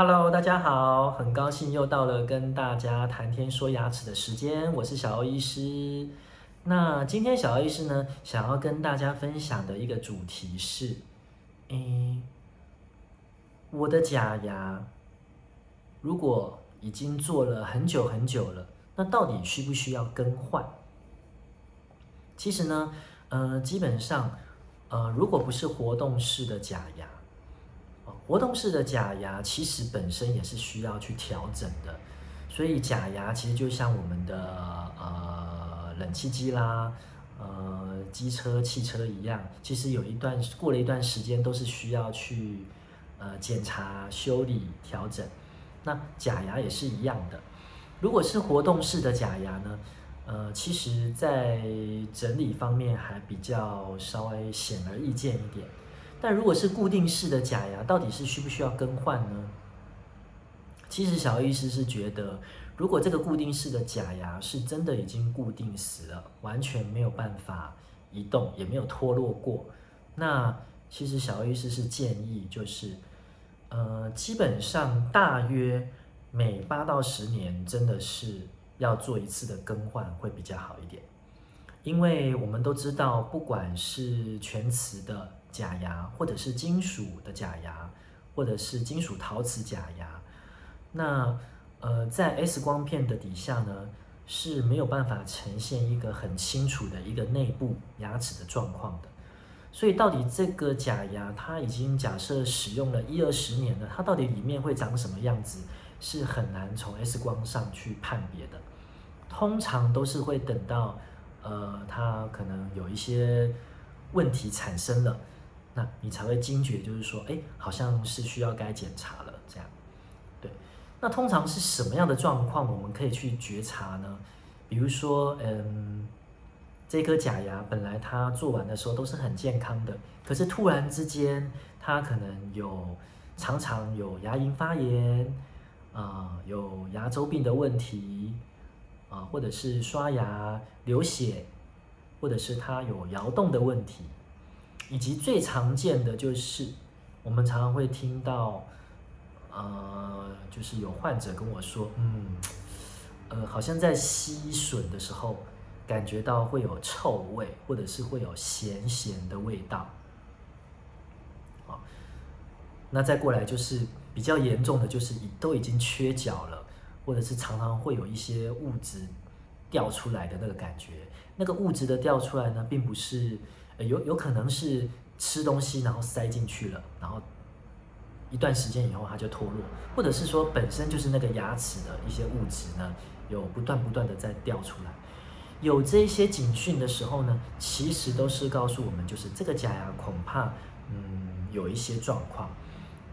Hello，大家好，很高興又到了跟大家談天說牙齒的時間，我是小歐醫師。那今天小歐醫師呢，想要跟大家分享的一個主題是，嗯，我的假牙如果已經做了很久很久了，那到底需不需要更換？其實呢，嗯、呃，基本上，呃，如果不是活動式的假牙。活動式的假牙其實本身也是需要去調整的，所以假牙其實就像我們的呃冷氣機啦，呃機車、汽車一樣，其實有一段過了一段時間都是需要去呃檢查、修理、調整。那假牙也是一樣的，如果是活動式的假牙呢，呃，其實在整理方面還比較稍微顯而易見一點。但如果是固定式的假牙，到底是需不需要更換呢？其實小醫師是覺得，如果這個固定式的假牙是真的已經固定死了，完全沒有辦法移動，也沒有脫落過，那其實小醫師是建議，就是呃，基本上大約每八到十年，真的是要做一次的更換，會比較好一點。因為我們都知道，不管是全瓷的假牙，或者是金屬的假牙，或者是金屬陶瓷假牙，那呃，在 X 光片的底下呢，是沒有辦法呈現一個很清楚的一個內部牙齒的狀況的。所以，到底這個假牙它已經假設使用了一二十年了，它到底裡面會長什麼樣子，是很難從 X 光上去判別的。通常都是會等到。呃，它可能有一些問題產生了，那你才會驚覺，就是說，哎、欸，好像是需要該檢查了，這樣。對，那通常是什麼樣的狀況，我們可以去覺察呢？比如說，嗯，這顆假牙本來它做完的時候都是很健康的，可是突然之間，它可能有常常有牙齦發炎，啊、呃，有牙周病的問題。啊，或者是刷牙流血，或者是它有搖動的問題，以及最常見的就是，我們常常會聽到，呃，就是有患者跟我說，嗯，呃，好像在吸吮的時候，感覺到會有臭味，或者是會有鹹鹹的味道。哦，那再過來就是比較嚴重的就是都已經缺角了。或者是常常會有一些物質掉出來的那個感覺，那個物質的掉出來呢，並不是有，有可能是吃東西，然後塞進去了，然後一段時間以後它就脫落，或者是說本身就是那個牙齒的一些物質呢，有不斷不斷的在掉出來。有這些警訊的時候呢，其實都是告訴我們，就是這個假牙恐怕嗯，有一些狀況，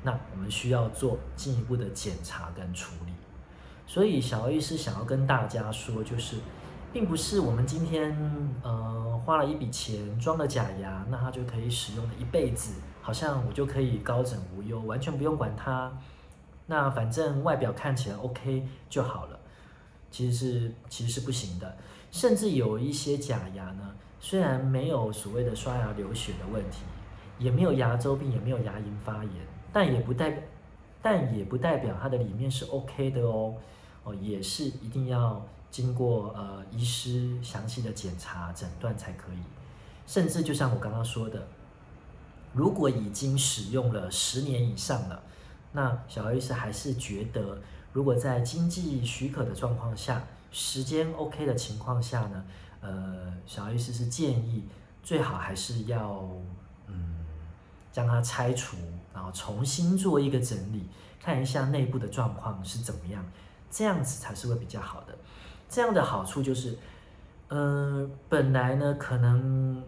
那我們需要做進一步的檢查跟處理。所以小奧醫師想要跟大家說，就是，並不是我們今天呃花了一筆錢裝了假牙，那它就可以使用了一輩子，好像我就可以高枕無憂，完全不用管它，那反正外表看起來 OK 就好了，其實是其實是不行的。甚至有一些假牙呢，雖然沒有所謂的刷牙流血的問題，也沒有牙周病，也沒有牙齦發炎，但也不代表。但也不代表它的裡面是 OK 的哦，哦，也是一定要經過呃醫師詳細的檢查診斷才可以。甚至就像我剛剛說的，如果已經使用了十年以上了，那小艾醫師還是覺得，如果在經濟許可的狀況下，時間 OK 的情況下呢，呃，小艾醫師是建議最好還是要嗯。將它拆除，然後重新做一個整理，看一下內部的狀況是怎麼樣，這樣子才是會比較好的。這樣的好處就是，呃，本來呢，可能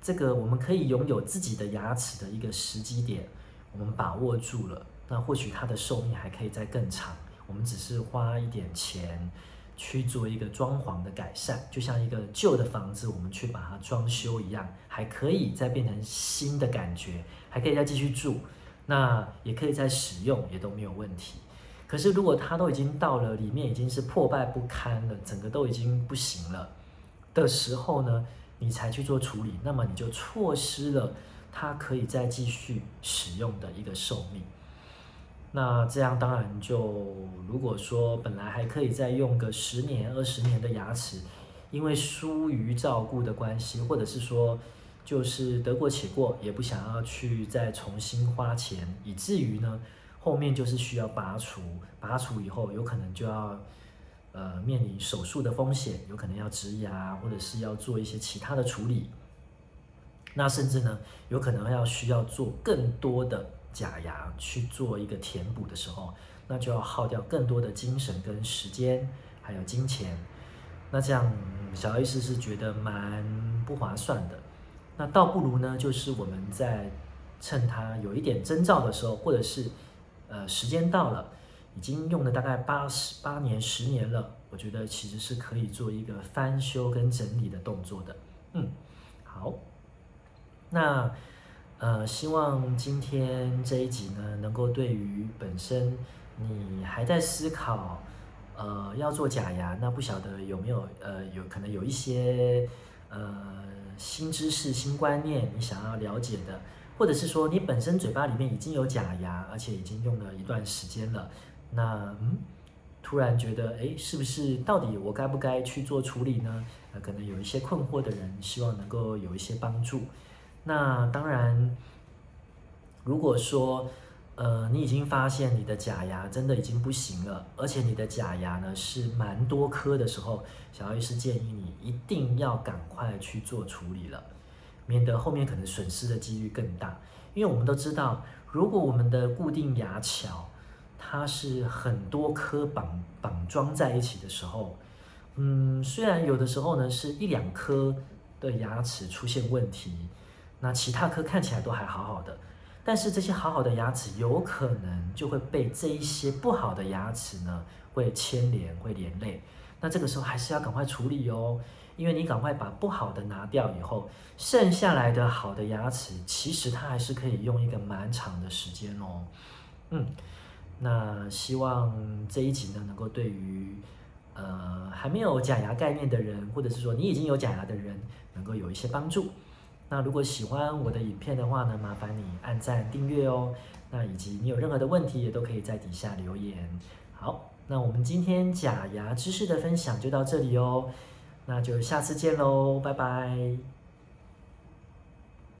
這個我們可以擁有自己的牙齒的一個時機點，我們把握住了，那或許它的壽命還可以再更長。我們只是花一點錢。去做一個裝潢的改善，就像一個舊的房子，我們去把它裝修一樣，還可以再變成新的感覺，還可以再繼續住，那也可以再使用，也都沒有問題。可是如果它都已經到了，裡面已經是破敗不堪了，整個都已經不行了的時候呢，你才去做處理，那麼你就錯失了它可以再繼續使用的一個壽命。那這樣當然就，如果說本來還可以再用個十年二十年的牙齒，因為疏於照顧的關係，或者是說就是得過且過，也不想要去再重新花錢，以至於呢後面就是需要拔除，拔除以後有可能就要呃面臨手術的風險，有可能要植牙或者是要做一些其他的處理，那甚至呢有可能要需要做更多的。假牙去做一個填補的時候，那就要耗掉更多的精神跟時間，還有金錢。那這樣小意思是覺得蠻不划算的。那倒不如呢，就是我們在趁它有一點徵兆的時候，或者是呃時間到了，已經用了大概八十八年、十年了，我覺得其實是可以做一個翻修跟整理的動作的。嗯，好，那。呃，希望今天這一集呢，能夠對於本身你還在思考，呃，要做假牙，那不曉得有沒有，呃，有可能有一些呃新知識、新觀念，你想要了解的，或者是說你本身嘴巴裡面已經有假牙，而且已經用了一段時間了，那嗯，突然覺得，哎，是不是到底我該不該去做處理呢？呃，可能有一些困惑的人，希望能夠有一些幫助。那當然，如果說，呃，你已經發現你的假牙真的已經不行了，而且你的假牙呢是蠻多顆的時候，小艾醫師建議你一定要趕快去做處理了，免得後面可能損失的幾率更大。因為我們都知道，如果我們的固定牙橋它是很多顆綁綁裝在一起的時候，嗯，雖然有的時候呢是一兩顆的牙齒出現問題。那其他顆看起來都還好好的，但是這些好好的牙齒有可能就會被這一些不好的牙齒呢，會牽連，會連累。那這個時候還是要趕快處理哦，因為你趕快把不好的拿掉以後，剩下來的好的牙齒其實它還是可以用一個蠻長的時間哦。嗯，那希望這一集呢能夠對於呃還沒有假牙概念的人，或者是說你已經有假牙的人，能夠有一些幫助。那如果喜歡我的影片的話呢，麻煩你按贊訂閱哦。那以及你有任何的問題，也都可以在底下留言。好，那我們今天假牙知識的分享就到這裡哦。那就下次見嘍，拜拜。